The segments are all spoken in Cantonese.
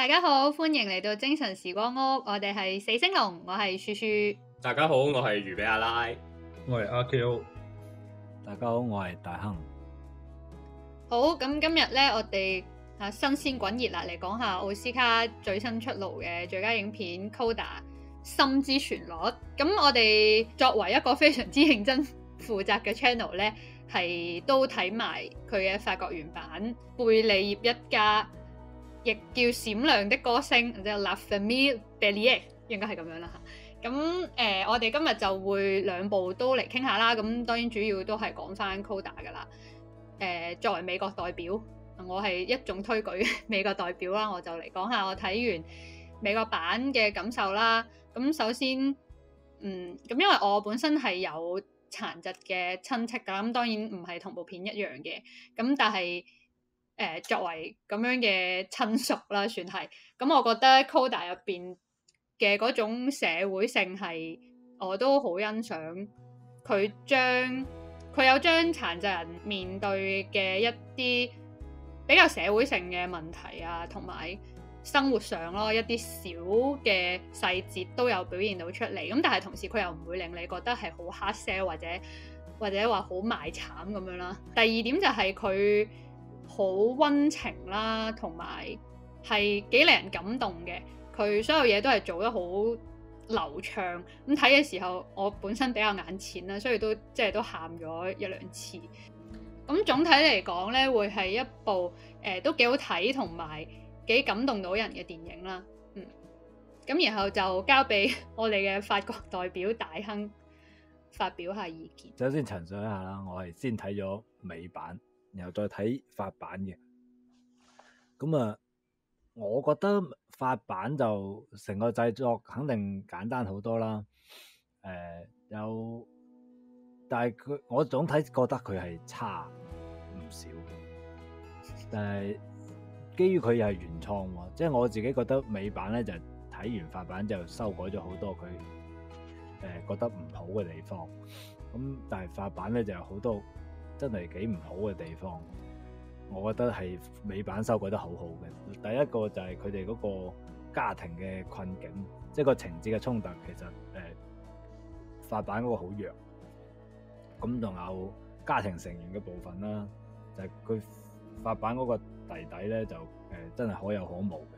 大家好，歡迎嚟到精神時光屋，我哋係四星龍，我係樹樹。大家好，我係魚比阿拉，我係阿 Q。大家好，我係大亨。好，咁今日呢，我哋啊新鮮滾熱辣，嚟講下奧斯卡最新出爐嘅最佳影片《Coda：心之旋律》。咁我哋作為一個非常之認真負責嘅 channel 呢，係都睇埋佢嘅法國原版《貝利葉一家》。亦叫閃亮的歌聲，即係《La Famille Bélier》，應該係咁樣啦嚇。咁誒、呃，我哋今日就會兩部都嚟傾下啦。咁當然主要都係講返 Coda 噶啦。誒、呃，作為美國代表，我係一種推舉美國代表啦。我就嚟講下我睇完美國版嘅感受啦。咁首先，嗯，咁因為我本身係有殘疾嘅親戚噶，咁當然唔係同部片一樣嘅。咁但係。誒、呃、作為咁樣嘅親屬啦，算係咁、嗯，我覺得《Coda》入邊嘅嗰種社會性係我都好欣賞。佢將佢有將殘疾人面對嘅一啲比較社會性嘅問題啊，同埋生活上咯一啲小嘅細節都有表現到出嚟。咁、嗯、但係同時佢又唔會令你覺得係好黑 s 或者或者話好賣慘咁樣啦。第二點就係佢。好溫情啦，同埋係幾令人感動嘅。佢所有嘢都係做得好流暢。咁睇嘅時候，我本身比較眼淺啦，所以都即係都喊咗一兩次。咁總體嚟講呢，會係一部誒、呃、都幾好睇，同埋幾感動到人嘅電影啦。咁、嗯、然後就交俾我哋嘅法國代表大亨發表下意見。首先陳述一下啦，我係先睇咗美版。然後再睇法版嘅，咁啊，我覺得法版就成個製作肯定簡單好多啦。誒、呃，有，但係佢，我總體覺得佢係差唔少。但係基於佢又係原創，即係我自己覺得美版咧就睇完法版之後，就修改咗好多佢誒、呃、覺得唔好嘅地方。咁但係法版咧就有好多。真係幾唔好嘅地方，我覺得係美版修改得好好嘅。第一個就係佢哋嗰個家庭嘅困境，即係個情節嘅衝突，其實誒，呃、法版嗰個好弱。咁仲有家庭成員嘅部分啦，就係佢法版嗰個弟弟咧，就誒、呃、真係可有可無嘅，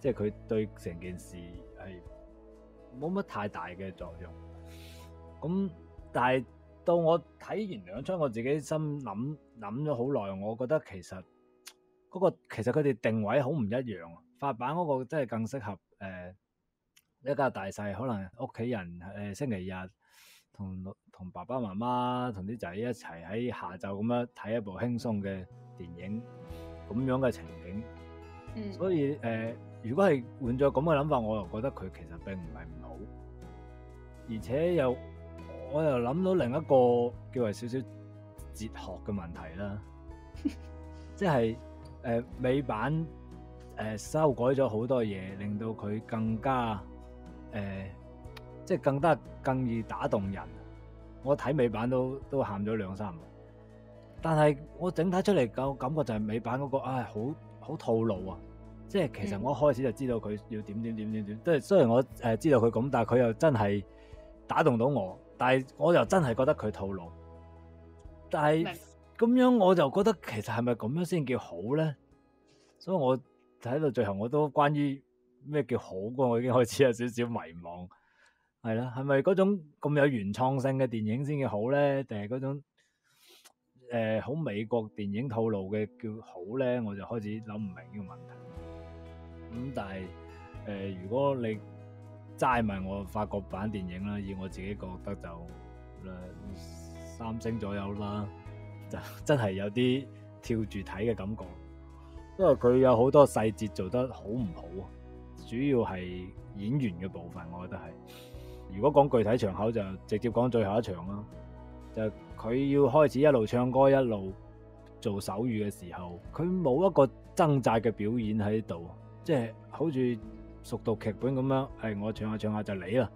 即係佢對成件事係冇乜太大嘅作用。咁但係。到我睇完兩齣，我自己心諗諗咗好耐，我覺得其實嗰、那個其實佢哋定位好唔一樣啊！法版嗰個真係更適合誒、呃、一家大細，可能屋企人誒、呃、星期日同同爸爸媽媽同啲仔一齊喺下晝咁樣睇一部輕鬆嘅電影，咁樣嘅情景。嗯、所以誒、呃，如果係換咗咁嘅諗法，我又覺得佢其實並唔係唔好，而且又。我又諗到另一個叫為少少哲學嘅問題啦， 即係誒、呃、美版誒、呃、修改咗好多嘢，令到佢更加誒、呃，即係更加更易打動人。我睇美版都都喊咗兩三個，但係我整體出嚟嘅感覺就係美版嗰、那個，唉，好好套路啊！即係其實我一開始就知道佢要點點點點點，即係雖然我誒知道佢咁，但係佢又真係打動到我。但係我又真係覺得佢套路，但係咁樣我就覺得其實係咪咁樣先叫好咧？所以我睇到最後，我都關於咩叫好嘅，我已經開始有少少迷惘，係啦，係咪嗰種咁有原創性嘅電影先叫好咧？定係嗰種、呃、好美國電影套路嘅叫好咧？我就開始諗唔明呢個問題。咁但係誒、呃，如果你，齋埋我法國版電影啦，以我自己覺得就兩三星左右啦，就真係有啲跳住睇嘅感覺，因為佢有好多細節做得好唔好，主要係演員嘅部分，我覺得係。如果講具體場口，就直接講最後一場啦，就佢要開始一路唱歌一路做手語嘅時候，佢冇一個掙扎嘅表演喺度，即係好似，熟讀劇本咁樣，係、哎、我唱下唱下就嚟啦。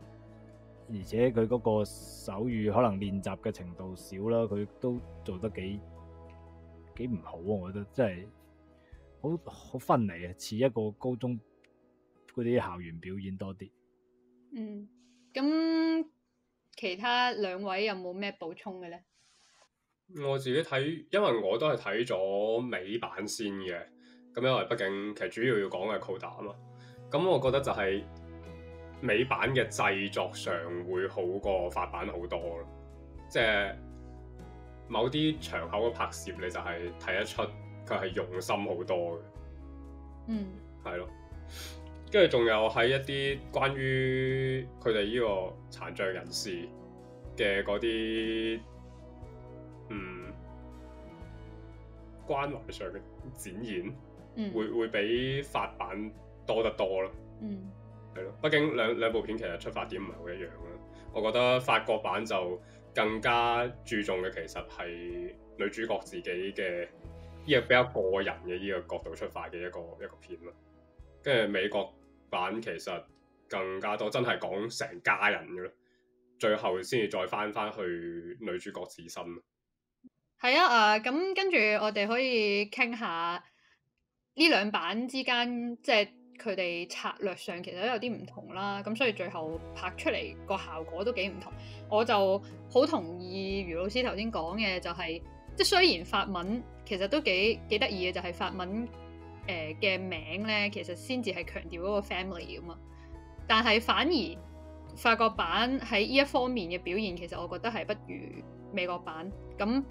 而且佢嗰個手語可能練習嘅程度少啦，佢都做得幾幾唔好啊！我覺得真係好好分離啊，似一個高中嗰啲校園表演多啲。嗯，咁其他兩位有冇咩補充嘅咧？我自己睇，因為我都係睇咗美版先嘅。咁因為畢竟其實主要要講嘅係 Coda 啊嘛。咁我覺得就係美版嘅製作上會好過法版好多咯，即係某啲場口嘅拍攝你就係睇得出佢係用心好多嘅，嗯，係咯，跟住仲有喺一啲關於佢哋呢個殘障人士嘅嗰啲，嗯，關懷上嘅展現，嗯，會會比法版。多得多咯，嗯，係咯。畢竟兩兩部片其實出發點唔係好一樣啦。我覺得法國版就更加注重嘅，其實係女主角自己嘅呢個比較個人嘅呢個角度出發嘅一個一個片啦。跟住美國版其實更加多真係講成家人嘅咯，最後先至再翻翻去女主角自身。係啊，誒咁跟住我哋可以傾下呢兩版之間，即係。佢哋策略上其實都有啲唔同啦，咁所以最後拍出嚟個效果都幾唔同。我就好同意余老師頭先講嘅，就係即係雖然法文其實都幾幾得意嘅，就係、是、法文誒嘅、呃、名咧，其實先至係強調嗰個 family 啊嘛。但係反而法國版喺呢一方面嘅表現，其實我覺得係不如美國版咁。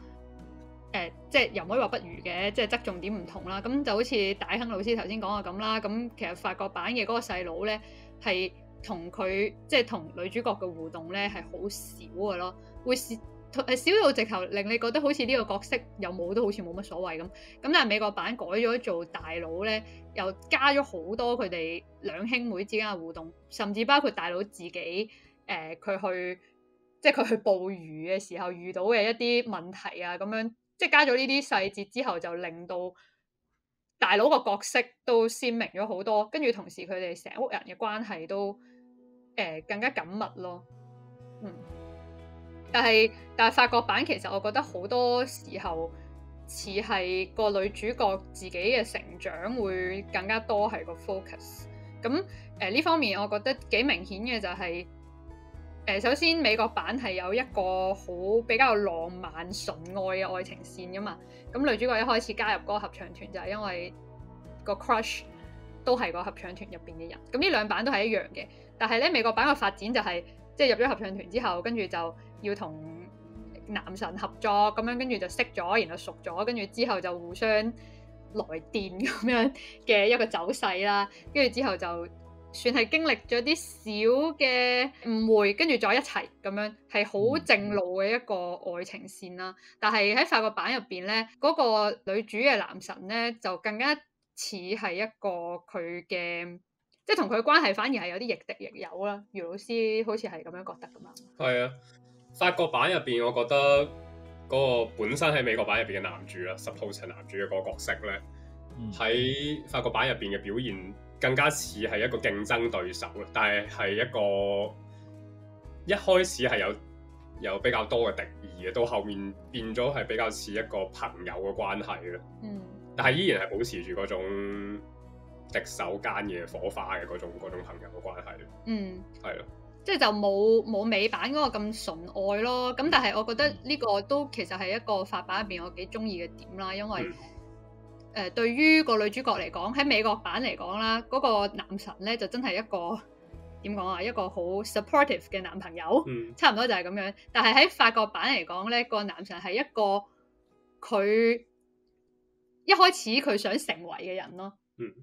誒、呃，即係又唔可以話不如嘅，即係側重點唔同啦。咁就好似大亨老師頭先講嘅咁啦。咁其實法國版嘅嗰個細佬咧，係同佢即係同女主角嘅互動咧係好少嘅咯，會少到直頭令你覺得好似呢個角色有冇都好似冇乜所謂咁。咁但係美國版改咗做大佬咧，又加咗好多佢哋兩兄妹之間嘅互動，甚至包括大佬自己誒，佢、呃、去即係佢去捕魚嘅時候遇到嘅一啲問題啊咁樣。即係加咗呢啲細節之後，就令到大佬個角色都鮮明咗好多，跟住同時佢哋成屋人嘅關係都誒、呃、更加緊密咯。嗯，但係但係法國版其實我覺得好多時候似係個女主角自己嘅成長會更加多係個 focus。咁誒呢方面我覺得幾明顯嘅就係、是。誒，首先美國版係有一個好比較浪漫純愛嘅愛情線噶嘛，咁女主角一開始加入嗰個合唱團就係因為個 crush 都係個合唱團入邊嘅人，咁呢兩版都係一樣嘅，但係咧美國版嘅發展就係即係入咗合唱團之後，跟住就要同男神合作咁樣，跟住就識咗，然後熟咗，跟住之後就互相來電咁樣嘅一個走勢啦，跟住之後就。算係經歷咗啲小嘅誤會，跟住再一齊咁樣，係好正路嘅一個愛情線啦。但係喺法國版入邊咧，嗰個女主嘅男神咧就更加似係一個佢嘅，即係同佢關係反而係有啲亦敵亦友啦。余老師好似係咁樣覺得噶嘛？係啊，法國版入邊，我覺得嗰個本身喺美國版入邊嘅男主啊，suppose 陳男主嘅個角色咧，喺法國版入邊嘅表現。更加似係一個競爭對手，但係係一個一開始係有有比較多嘅敵意嘅，到後面變咗係比較似一個朋友嘅關係咯。嗯，但係依然係保持住嗰種敵手間嘅火花嘅嗰種嗰種朋友嘅關係咯。嗯，係咯的，即係就冇冇美版嗰個咁純愛咯。咁但係我覺得呢個都其實係一個法版入邊我幾中意嘅點啦，因為、嗯。誒對於個女主角嚟講，喺美國版嚟講啦，嗰個男神咧就真係一個點講啊，一個好 supportive 嘅男朋友，嗯、差唔多就係咁樣。但係喺法國版嚟講咧，個男神係一個佢一開始佢想成為嘅人咯。嗯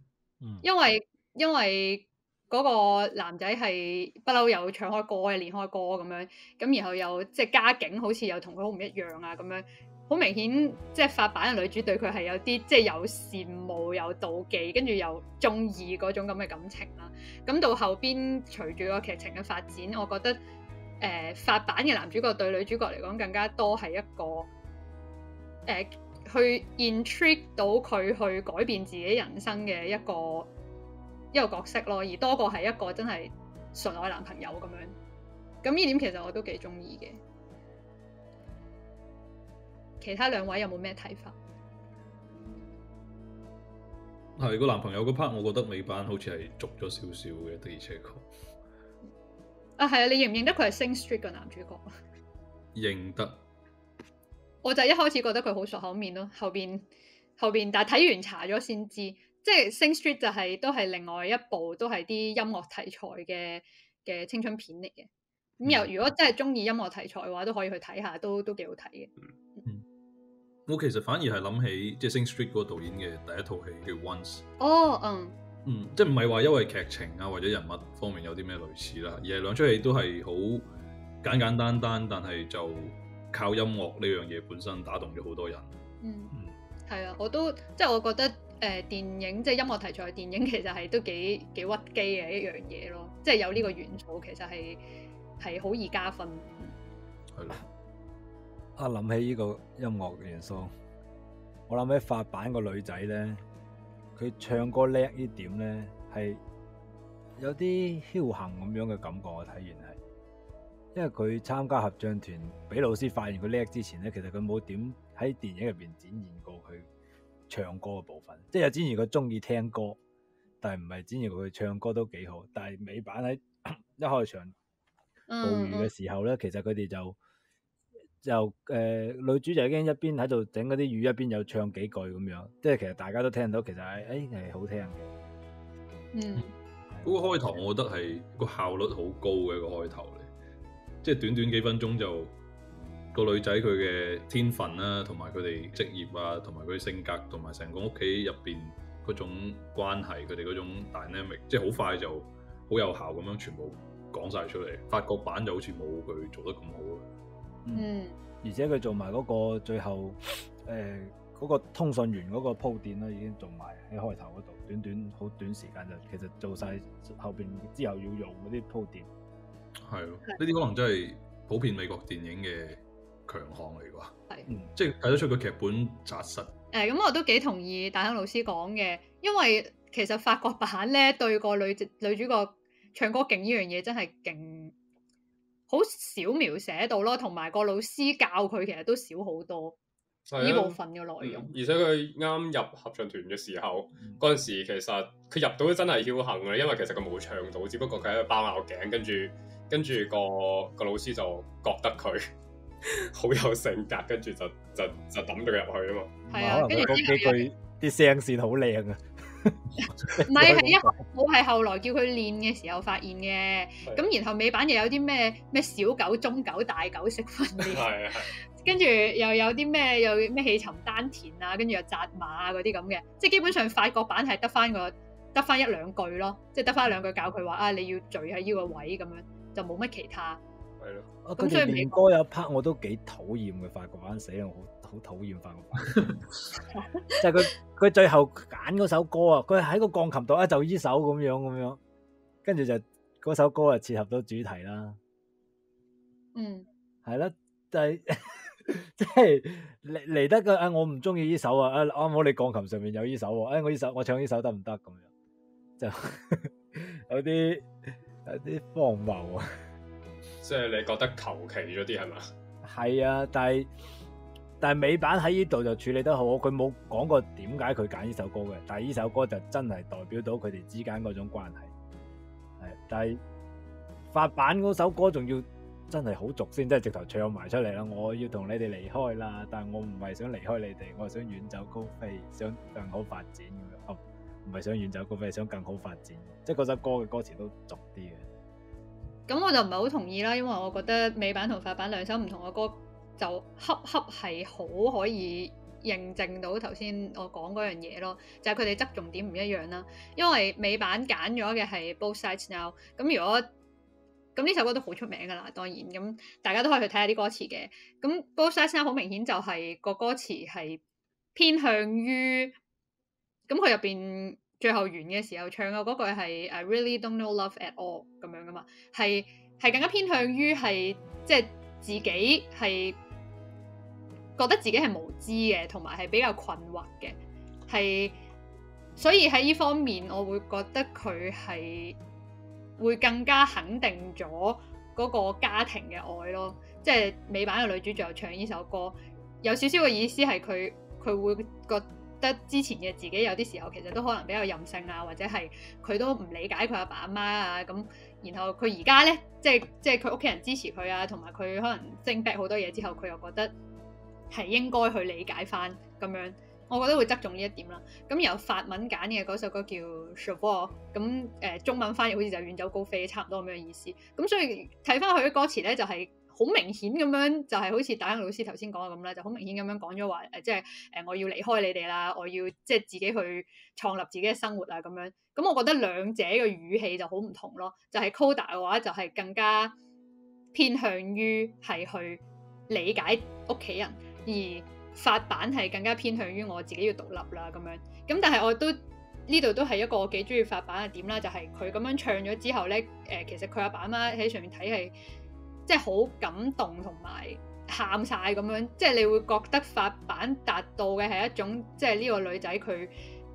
嗯、因為因為嗰個男仔係不嬲有唱開歌、練開歌咁樣，咁然後又即係家境好似又同佢好唔一樣啊咁樣。好明顯，即係法版嘅女主對佢係有啲即係有羨慕、有妒忌，跟住又中意嗰種咁嘅感情啦。咁到後邊隨住個劇情嘅發展，我覺得誒、呃、法版嘅男主角對女主角嚟講更加多係一個誒、呃、去 intrigue 到佢去改變自己人生嘅一個一個角色咯，而多過係一個真係純愛男朋友咁樣。咁呢點其實我都幾中意嘅。其他兩位有冇咩睇法？係個男朋友嗰 part，我覺得美版好似係俗咗少少嘅，的而且確。啊，係啊，你認唔認得佢係《Sing Street》嘅男主角？認得。我就一開始覺得佢好熟口面咯，後邊後邊，但係睇完查咗先知，即係、就是《Sing Street》就係都係另外一部，都係啲音樂題材嘅嘅青春片嚟嘅。咁又、嗯、如果真係中意音樂題材嘅話，都可以去睇下，都都幾好睇嘅。嗯我其實反而係諗起即係《Sing Street》嗰個導演嘅第一套戲叫《Once》。哦，嗯，嗯，即係唔係話因為劇情啊或者人物方面有啲咩類似啦，而係兩出戲都係好簡簡單單，但係就靠音樂呢樣嘢本身打動咗好多人。Um, 嗯，嗯，係啊，我都即係、就是、我覺得誒電影即係、就是、音樂題材嘅電影其實係都幾幾屈機嘅一樣嘢咯，即、就、係、是、有呢個元素其實係係好易加分。係啦。啊！諗起呢個音樂元素，我諗起法版個女仔咧，佢唱歌叻呢點咧，係有啲僥倖咁樣嘅感覺。我睇完係，因為佢參加合唱團，俾老師發現佢叻之前咧，其實佢冇點喺電影入邊展現過佢唱歌嘅部分。即係展現佢中意聽歌，但係唔係展現佢唱歌都幾好。但係尾版喺一開場暴雨嘅時候咧，嗯嗯其實佢哋就。就誒、呃，女主就已經一邊喺度整嗰啲魚，一邊有唱幾句咁樣，即係其實大家都聽到，其實誒誒係好聽嘅。嗯，嗰 個開頭我覺得係個效率好高嘅一、那個開頭嚟，即、就、係、是、短短幾分鐘就、那個女仔佢嘅天分啦、啊，同埋佢哋職業啊，同埋佢性格，同埋成個屋企入邊嗰種關係，佢哋嗰種 dynamic，即係好快就好有效咁樣全部講晒出嚟。法國版就好似冇佢做得咁好。嗯，而且佢做埋嗰個最後，誒、呃、嗰、那個通訊員嗰個鋪墊咧，已經做埋喺開頭嗰度，短短好短時間就其實做晒，後邊之後要用嗰啲鋪墊。係咯的，呢啲的可能真係普遍美國電影嘅強項嚟啩。係的，即係睇得出個劇本扎實。誒、嗯、咁、嗯、我都幾同意大亨老師講嘅，因為其實法國版咧對個女女主角唱歌勁呢樣嘢真係勁。好少描寫到咯，同埋個老師教佢其實都少好多呢的部分嘅內容。嗯、而且佢啱入合唱團嘅時候，嗰陣、嗯、時其實佢入到都真係僥倖嘅，嗯、因為其實佢冇唱到，只不過佢喺度包拗頸，跟住跟住、個個老師就覺得佢好 有性格，跟住就就就抌咗佢入去啊嘛。的可能佢嗰幾句啲聲線好靚啊。唔係，係一 我係後來叫佢練嘅時候發現嘅，咁的然後美版又有啲咩咩小狗、中狗、大狗食訓練，跟住的又有啲咩又咩氣沉丹田啊，跟住又紮馬啊嗰啲咁嘅，即係基本上法國版係得返個得返一兩句咯，即係得返兩句教佢話啊你要聚喺呢個位咁樣，就冇乜其他。係咯，啊！佢哋連歌有一 part，我都幾討厭嘅，發個班死咯，我好好討厭發個班，就係佢佢最後揀嗰首歌啊，佢喺個鋼琴度啊，就依首咁樣咁樣，跟住就嗰首歌就切合到主題啦。嗯，係啦，就係即係嚟嚟得嘅啊，我唔中意依首啊，啊啱好你鋼琴上面有依首喎，誒，我依首我唱依首得唔得咁樣？就有啲有啲荒謬啊！即係你覺得求其咗啲係嘛？係啊，但係但係美版喺呢度就處理得好，佢冇講過點解佢揀呢首歌嘅，但係呢首歌就真係代表到佢哋之間嗰種關係。係，但係法版嗰首歌仲要真係好俗先，即係直頭唱埋出嚟啦。我要同你哋離開啦，但係我唔係想離開你哋，我係想遠走高飛，想更好發展咁樣。唔唔係想遠走高飛，係想更好發展，即係嗰首歌嘅歌詞都俗啲嘅。咁我就唔係好同意啦，因為我覺得美版同法版兩首唔同嘅歌就恰恰係好可以認證到頭先我講嗰樣嘢咯，就係佢哋側重點唔一樣啦。因為美版揀咗嘅係 Both Sides Now，咁如果，咁呢首歌都好出名㗎喇，當然，咁大家都可以去睇下啲歌詞嘅。咁 Both Sides Now 好明顯就係個歌詞係偏向於咁佢入邊。最後完嘅時候唱嘅嗰句係，I really don't know love at all 咁樣噶嘛，係係更加偏向於係即係自己係覺得自己係無知嘅，同埋係比較困惑嘅，係所以喺呢方面我會覺得佢係會更加肯定咗嗰個家庭嘅愛咯，即係美版嘅女主仲有唱呢首歌，有少少嘅意思係佢佢會覺得之前嘅自己有啲時候其實都可能比較任性啊，或者係佢都唔理解佢阿爸阿媽啊，咁然後佢而家咧即係即係佢屋企人支持佢啊，同埋佢可能精逼好多嘢之後，佢又覺得係應該去理解翻咁樣，我覺得會側重呢一點啦。咁然後法文揀嘅嗰首歌叫《Support》，咁誒中文翻譯好似就係遠走高飛差唔多咁嘅意思。咁所以睇翻佢嘅歌詞咧就係、是。好明顯咁樣就係、是、好似打響老師頭先講嘅咁啦。就好明顯咁樣講咗話誒，即係誒，我要離開你哋啦，我要即係、就是、自己去創立自己嘅生活啊咁樣。咁我覺得兩者嘅語氣就好唔同咯。就係、是、Coda 嘅話就係更加偏向於係去理解屋企人，而法版係更加偏向於我自己要獨立啦咁樣。咁但係我都呢度都係一個我幾中意法版嘅點啦，就係佢咁樣唱咗之後咧，誒、呃、其實佢阿爸阿媽喺上面睇係。即係好感動同埋喊晒咁樣，即係你會覺得法版達到嘅係一種，即係呢個女仔佢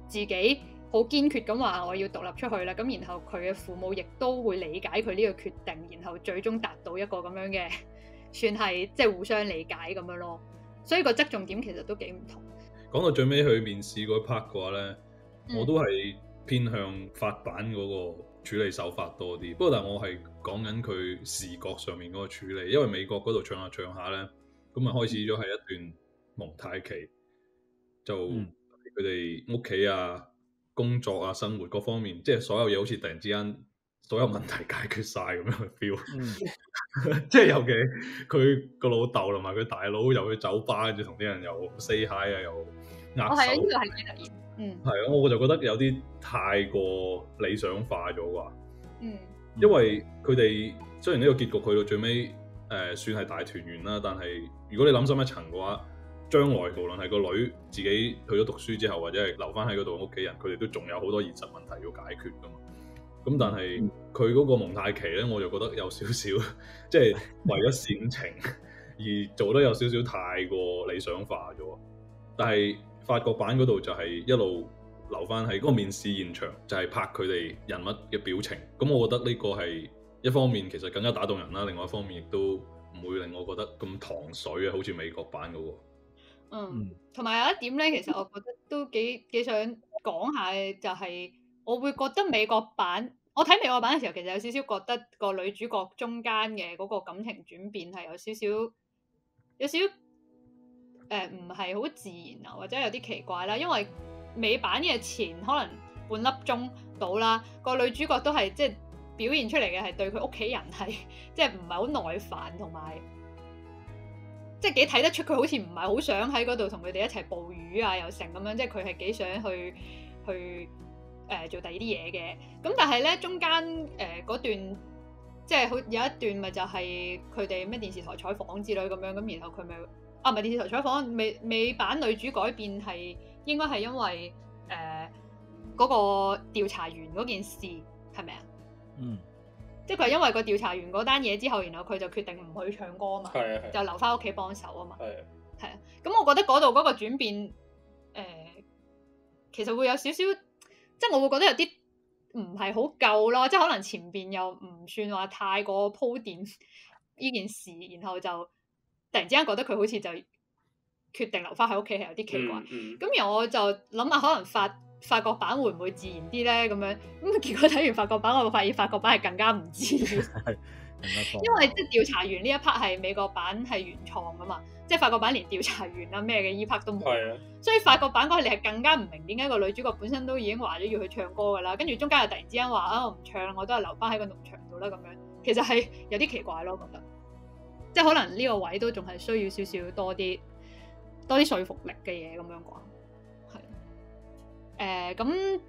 自己好堅決咁話我要獨立出去啦。咁然後佢嘅父母亦都會理解佢呢個決定，然後最終達到一個咁樣嘅，算係即係互相理解咁樣咯。所以個側重點其實都幾唔同。講到最尾去面試嗰一 part 嘅話呢，我都係偏向法版嗰、那個。嗯處理手法多啲，不過但係我係講緊佢視覺上面嗰個處理，因為美國嗰度唱下唱下咧，咁啊開始咗係一段蒙太奇，就佢哋屋企啊、工作啊、生活各方面，即係所有嘢好似突然之間所有問題解決晒咁樣去 feel，即係尤其佢個老豆同埋佢大佬又去酒吧，跟住同啲人又 say hi 啊又嗯，係啊，我就覺得有啲太過理想化咗啩。嗯，因為佢哋雖然呢個結局去到最尾誒、呃，算係大團圓啦，但係如果你諗深一層嘅話，將來無論係個女自己去咗讀書之後，或者係留翻喺嗰度屋企人，佢哋都仲有好多現實問題要解決噶嘛。咁、嗯嗯、但係佢嗰個蒙太奇咧，我就覺得有少少，即、就、係、是、為咗煽情而做得有少少太過理想化咗。但係。法國版嗰度就係一路留翻喺嗰個面試現場，就係、是、拍佢哋人物嘅表情。咁我覺得呢個係一方面其實更加打動人啦，另外一方面亦都唔會令我覺得咁糖水啊，好似美國版嘅、那、喎、個。嗯，同埋、嗯、有一點咧，其實我覺得都幾幾想講下就係、是、我會覺得美國版，我睇美國版嘅時候，其實有少少覺得個女主角中間嘅嗰個感情轉變係有少少有少。誒唔係好自然啊，或者有啲奇怪啦、啊，因為美版嘅前可能半粒鐘到啦，個女主角都係即係表現出嚟嘅係對佢屋企人係即係唔係好耐煩，同埋即係幾睇得出佢好似唔係好想喺嗰度同佢哋一齊捕魚啊又成咁樣，即係佢係幾想去去誒、呃、做第二啲嘢嘅。咁但係咧，中間誒嗰段即係好有一段咪就係佢哋咩電視台採訪之類咁樣咁，然後佢咪。係咪、啊、電視台採訪？美未版女主改變係應該係因為誒嗰、呃那個調查員嗰件事係咪啊？嗯，即係佢係因為個調查員嗰單嘢之後，然後佢就決定唔去唱歌啊嘛，係啊係，就留翻屋企幫手啊嘛，係啊的。咁的我覺得嗰度嗰個轉變誒、呃，其實會有少少，即係我會覺得有啲唔係好夠咯，即係可能前邊又唔算話太過鋪墊呢件事，然後就。突然之間覺得佢好似就決定留翻喺屋企係有啲奇怪，咁、嗯嗯、而我就諗下，可能法法國版會唔會自然啲咧？咁樣，咁結果睇完法國版，我會發現法國版係更加唔自然， 因為即係、 就是、調查員呢一 part 係美國版係原創噶嘛，即、就、係、是、法國版連調查員啊咩嘅呢 part 都冇，的所以法國版嗰係你係更加唔明點解個女主角本身都已經話咗要去唱歌噶啦，跟住中間又突然之間話啊我唔唱，我都係留翻喺個農場度啦咁樣，其實係有啲奇怪咯，我覺得。即係可能呢個位都仲係需要少少多啲多啲說服力嘅嘢，咁樣講係誒，咁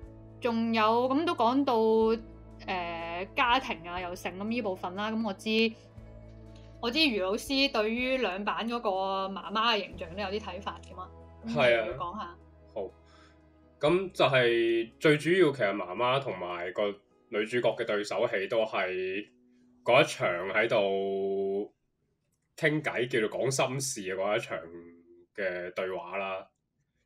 仲有咁都講到誒、呃、家庭啊友情，咁呢部分啦。咁我知我知余老師對於兩版嗰個媽媽嘅形象都有啲睇法嘅嘛，係、嗯、啊，要講下好，咁就係最主要。其實媽媽同埋個女主角嘅對手戲都係嗰一場喺度。傾偈叫做講心事嘅嗰一場嘅對話啦。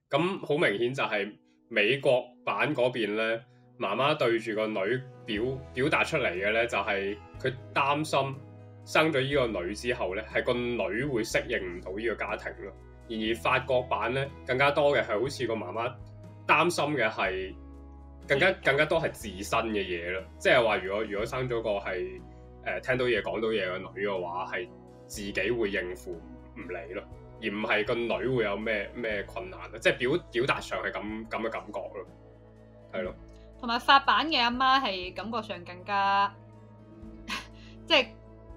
咁好明顯就係美國版嗰邊咧，媽媽對住個女表表達出嚟嘅咧，就係佢擔心生咗依個女之後咧，係個女會適應唔到依個家庭咯。而，而法國版咧更加多嘅係好似個媽媽擔心嘅係更加更加多係自身嘅嘢咯，即係話如果如果生咗個係誒、呃、聽到嘢講到嘢嘅女嘅話係。自己會應付唔理咯，而唔係個女會有咩咩困難咯，即係表表達上係咁咁嘅感覺咯，係咯。同埋法版嘅阿媽係感覺上更加， 即係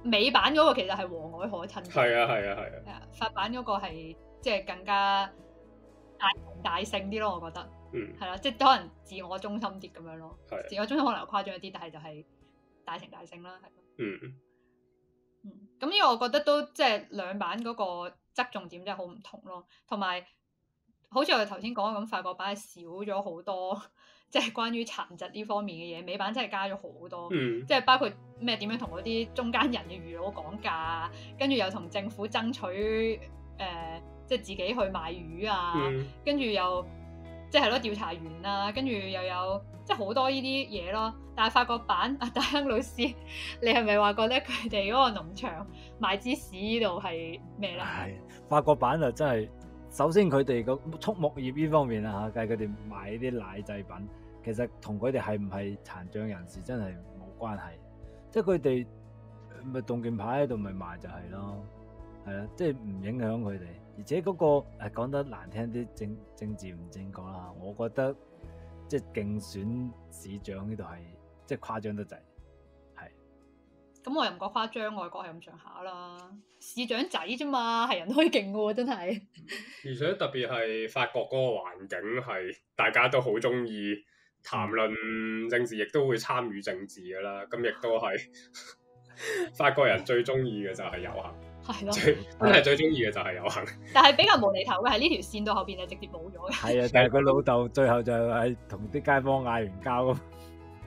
美版嗰個其實係和藹可親。係啊係啊係啊！法版嗰個係即係更加大情大性啲咯，我覺得。嗯。係啦，即係可能自我中心啲咁樣咯。的自我中心可能誇張啲，但係就係大情大性啦，係咯。嗯。咁呢個我覺得都即係兩版嗰個側重點真係好唔同咯，同埋好似我哋頭先講咁，法國版係少咗好多，即係關於殘疾呢方面嘅嘢，美版真係加咗好多，嗯、即係包括咩點樣同嗰啲中間人嘅魚佬講價，跟住又同政府爭取，誒、呃、即係自己去買魚啊，跟住又。即係咯，調查員啊，跟住又有即係好多呢啲嘢咯。但係法國版阿大亨老師，你係咪話覺得佢哋嗰個農場賣芝士呢度係咩咧？法國版就真係，首先佢哋個畜牧業呢方面啊吓，計佢哋賣啲奶製品，其實同佢哋係唔係殘障人士真係冇關係。即係佢哋咪凍劍牌喺度咪賣就係咯，係啦，即係唔影響佢哋。而且嗰、那個誒、啊、講得難聽啲政政治唔正確啦，我覺得即係競選市長呢度係即係誇張得滯，係。咁我又唔覺得誇張，外國係咁上下啦，市長仔咋嘛，係人都勁喎，真係。而且特別係法國嗰個環境係大家都好中意談論政治，亦都會參與政治噶啦，咁亦都係法國人最中意嘅就係遊行。 係咯，真係最中意嘅就係遊行，但係比較無厘頭嘅係呢條線到後邊就直接冇咗嘅。係啊，但係佢老豆最後就係同啲街坊嗌完交咯。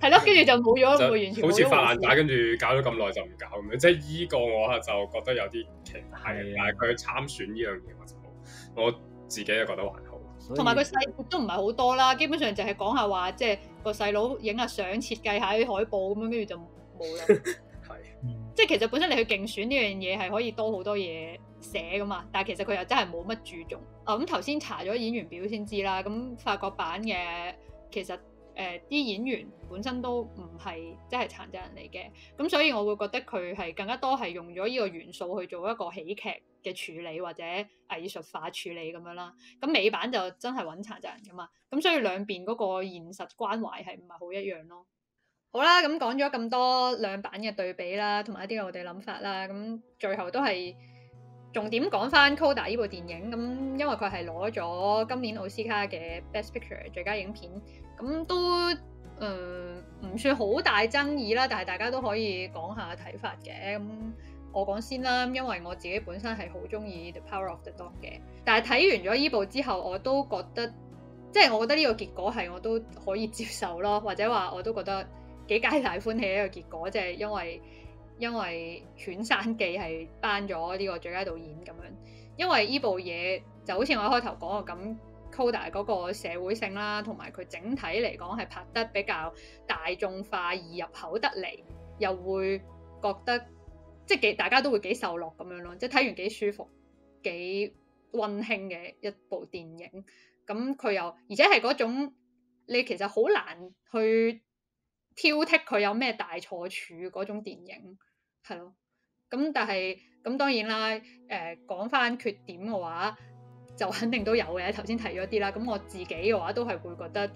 係咯， 跟住就冇咗，冇就完全好似發爛渣，跟住搞咗咁耐就唔搞咁樣，即係依個我就覺得有啲奇。係的，但係佢參選呢樣嘢，我就好，我自己就覺得還好。同埋佢細節都唔係好多啦，基本上就係講下話，即係個細佬影下相，設計下啲海報咁樣，跟住就冇啦。 即係其實本身你去競選呢樣嘢係可以多好多嘢寫噶嘛，但係其實佢又真係冇乜注重。啊咁頭先查咗演員表先知啦，咁、嗯、法國版嘅其實誒啲、呃、演員本身都唔係真係殘疾人嚟嘅，咁、嗯、所以我會覺得佢係更加多係用咗呢個元素去做一個喜劇嘅處理或者藝術化處理咁樣啦。咁、嗯、美版就真係搵殘疾人噶嘛，咁、嗯、所以兩邊嗰個現實關懷係唔係好一樣咯？好啦，咁講咗咁多兩版嘅對比啦，同埋一啲我哋諗法啦。咁最後都係重點講返《Coda》呢部電影咁，因為佢係攞咗今年奧斯卡嘅 Best Picture 最佳影片。咁都誒、嗯、唔算好大爭議啦，但係大家都可以講下睇法嘅。咁我講先啦，因為我自己本身係好中意《The Power of the Dog》嘅，但係睇完咗呢部之後，我都覺得即係、就是、我覺得呢個結果係我都可以接受咯，或者話我都覺得。幾皆大歡喜一個結果，即係因為因為因為《犬山記》係頒咗呢個最佳導演咁樣，因為呢部嘢就好似我一開頭講嘅咁 Coda 嗰個社會性啦，同埋佢整體嚟講係拍得比較大眾化，而入口得嚟，又會覺得即係幾大家都會幾受落咁樣咯，即係睇完幾舒服，幾温馨嘅一部電影。咁佢又而且係嗰種你其實好難去。挑剔佢有咩大錯處嗰種電影，係咯。咁但係咁當然啦，誒，講返缺點嘅話，就肯定都有嘅。頭先提咗啲啦，咁我自己嘅話都係會覺得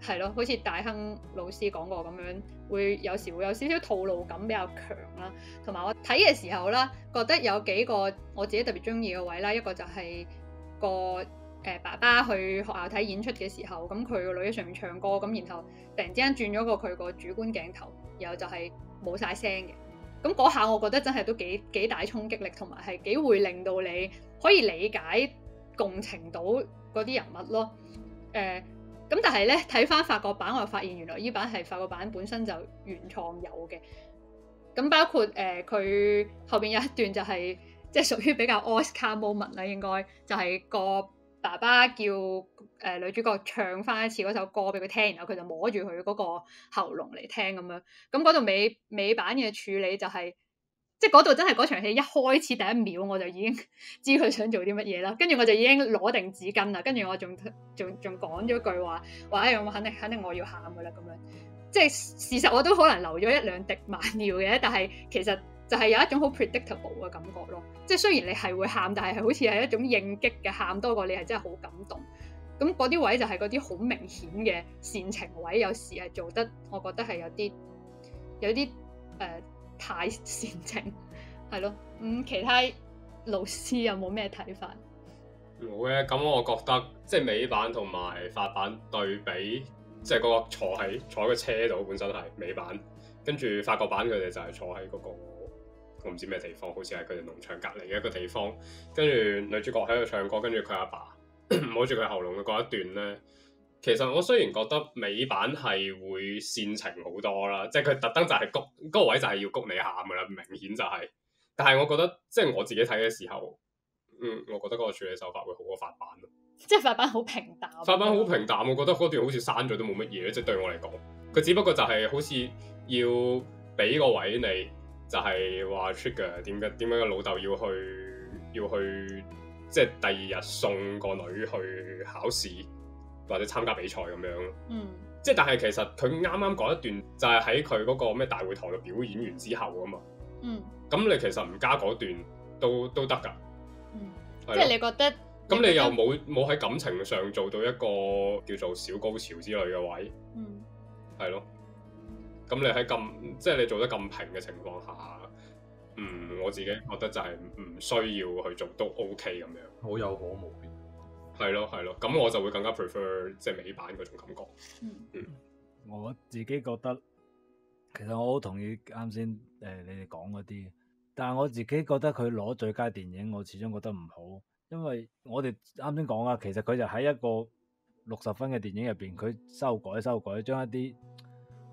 係咯，好似大亨老師講過咁樣，會有時會有少少套路感比較強啦。同埋我睇嘅時候啦，覺得有幾個我自己特別鍾意嘅位啦，一個就係個爸爸去學校睇演出嘅時候，咁佢個女喺上面唱歌，咁然後突然之間轉咗個佢個主觀鏡頭，然後就係冇晒聲嘅。咁嗰下我覺得真係都幾幾大衝擊力，同埋係幾會令到你可以理解共情到嗰啲人物咯。誒、呃，咁但係呢，睇翻法國版，我又發現原來呢版係法國版本身就原創有嘅。咁包括誒佢、呃、後邊有一段就係即係屬於比較 Oscar moment 啦，應該就係個。爸爸叫誒、呃、女主角唱返一次嗰首歌俾佢聽，然後佢就摸住佢嗰個喉嚨嚟聽咁樣。咁嗰度尾尾版嘅處理就係、是，即係嗰度真係嗰場戲一開始第一秒我就已經知佢想做啲乜嘢啦。跟住我就已經攞定紙巾啦。跟住我仲仲仲講咗句話：話哎呀，我肯定肯定我要喊噶啦咁樣。即、就、係、是、事實我都可能流咗一兩滴眼淚嘅，但係其實。就係有一種好 predictable 嘅感覺咯，即係雖然你係會喊，但係好似係一種應激嘅喊多過你係真係好感動。咁嗰啲位就係嗰啲好明顯嘅煽情位，有時係做得我覺得係有啲有啲誒、呃、太煽情係 咯。咁其他老師有冇咩睇法？冇嘅。咁，我覺得即係、就是、美版同埋法版對比，即係嗰個坐喺坐喺個車度，本身係美版跟住法國版佢哋就係坐喺嗰、那個。我唔知咩地方，好似係佢哋農場隔離嘅一個地方。跟住女主角喺度唱歌，跟 住佢阿爸摸住佢喉嚨嘅嗰一段呢。其實我雖然覺得美版係會煽情好多啦，即係佢特登就係谷嗰個位就係要谷你喊噶啦，明顯就係、是。但係我覺得即係我自己睇嘅時候，嗯，我覺得嗰個處理手法會好過法版咯。即係法版好平淡，法版好平淡，我覺得嗰段好似刪咗都冇乜嘢。即係對我嚟講，佢只不過就係好似要俾個位你。就係話 trigger 點解點解個老豆要去要去即係、就是、第二日送個女去考試或者參加比賽咁樣咯，即係、嗯、但係其實佢啱啱講一段就係喺佢嗰個咩大會堂度表演完之後啊嘛，嗯，咁你其實唔加嗰段都都得噶，嗯、了即係你覺得咁你，你又冇冇喺感情上做到一個叫做小高潮之類嘅位，嗯，係咯。咁你喺咁即係你做得咁平嘅情況下，嗯，我自己覺得就係唔需要去做都 OK 咁樣，好有可無嘅，係咯係咯，咁、嗯、我就會更加 prefer 即係美版嗰種感覺。嗯，我自己覺得其實我好同意啱先誒你哋講嗰啲，但係我自己覺得佢攞最佳電影，我始終覺得唔好，因為我哋啱先講啊，其實佢就喺一個六十分嘅電影入邊，佢修改修改將一啲。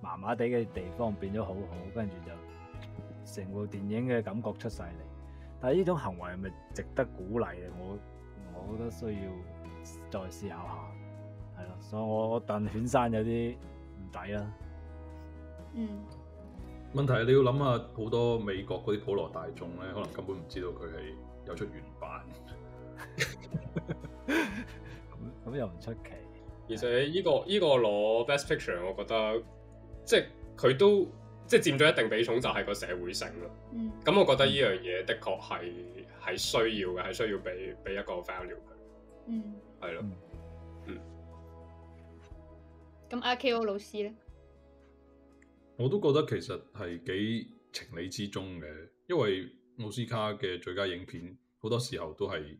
麻麻地嘅地方變咗好好，跟住就成部電影嘅感覺出晒嚟。但係呢種行為係咪值得鼓勵啊？我我覺得需要再思考下，係咯。所以我鄧犬山有啲唔抵啦。嗯。問題係你要諗下，好多美國嗰啲普羅大眾咧，可能根本唔知道佢係有出原版。咁咁 又唔出奇。而且呢、這個呢、 這個攞 Best Picture，我覺得。即係佢都即係佔咗一定比重，就係個社會性咯。咁、嗯嗯、我覺得呢樣嘢的確係係需要嘅，係需要俾俾一個 value。嗯，係咯了，咁、嗯、RKO 老師呢，我都覺得其實係幾情理之中嘅，因為奧斯卡嘅最佳影片好多時候都係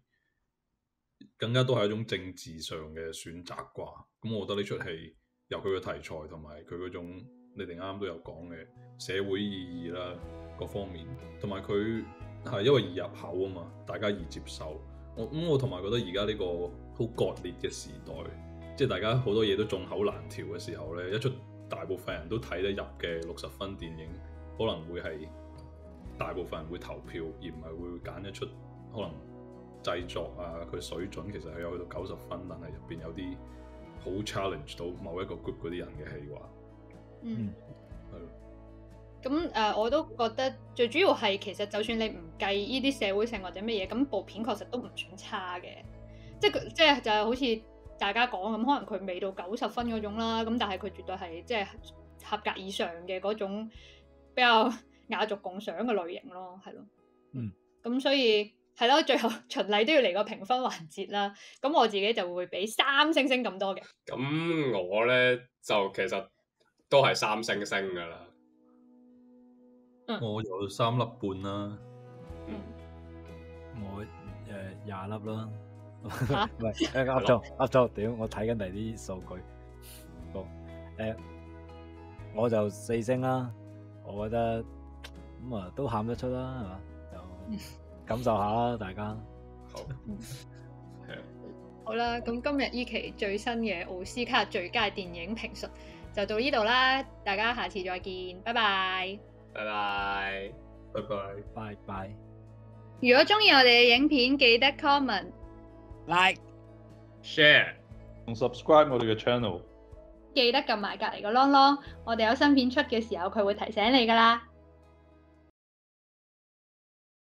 更加都係一種政治上嘅選擇啩。咁我覺得呢出戲，由佢嘅題材同埋佢嗰種，你哋啱都有講嘅社會意義啦，各方面，同埋佢係因為易入口啊嘛，大家易接受。我咁、嗯、我同埋覺得而家呢個好割裂嘅時代，即係大家好多嘢都眾口難調嘅時候咧，一出大部分人都睇得入嘅六十分電影，可能會係大部分人會投票，而唔係會揀一出可能製作啊，佢水準其實係有去到九十分，但係入邊有啲。好 challenge 到某一個 group 嗰啲人嘅戲話，嗯，係咯的，咁誒、呃、我都覺得最主要係其實就算你唔計呢啲社會性或者乜嘢，咁部片確實都唔算差嘅，即係即係就係好似大家講咁，可能佢未到九十分嗰種啦，咁但係佢絕對係即係合格以上嘅嗰種比較雅俗共賞嘅類型咯，係咯，嗯，咁所以。係咯，最後循例都要嚟個評分環節啦。咁我自己就會畀三星星咁多嘅。咁我咧就其實都係三星星噶啦。嗯，我有三粒半啦。嗯，我誒廿粒啦。吓，唔係誒，呃咗呃咗，屌！我睇緊第啲數據。我誒，我就四星啦。我覺得咁啊，都喊得出啦，係嘛？就。感受下啦，大家好，好啦，咁今日呢期最新嘅奧斯卡最佳電影評述就到呢度啦，大家下次再見，拜拜，拜拜，拜拜，拜拜。如果中意我哋嘅影片，記得 comment、like、share 同 subscribe 我哋嘅 channel，記得撳埋隔籬個 l o 我哋有新片出嘅時候，佢會提醒你噶啦。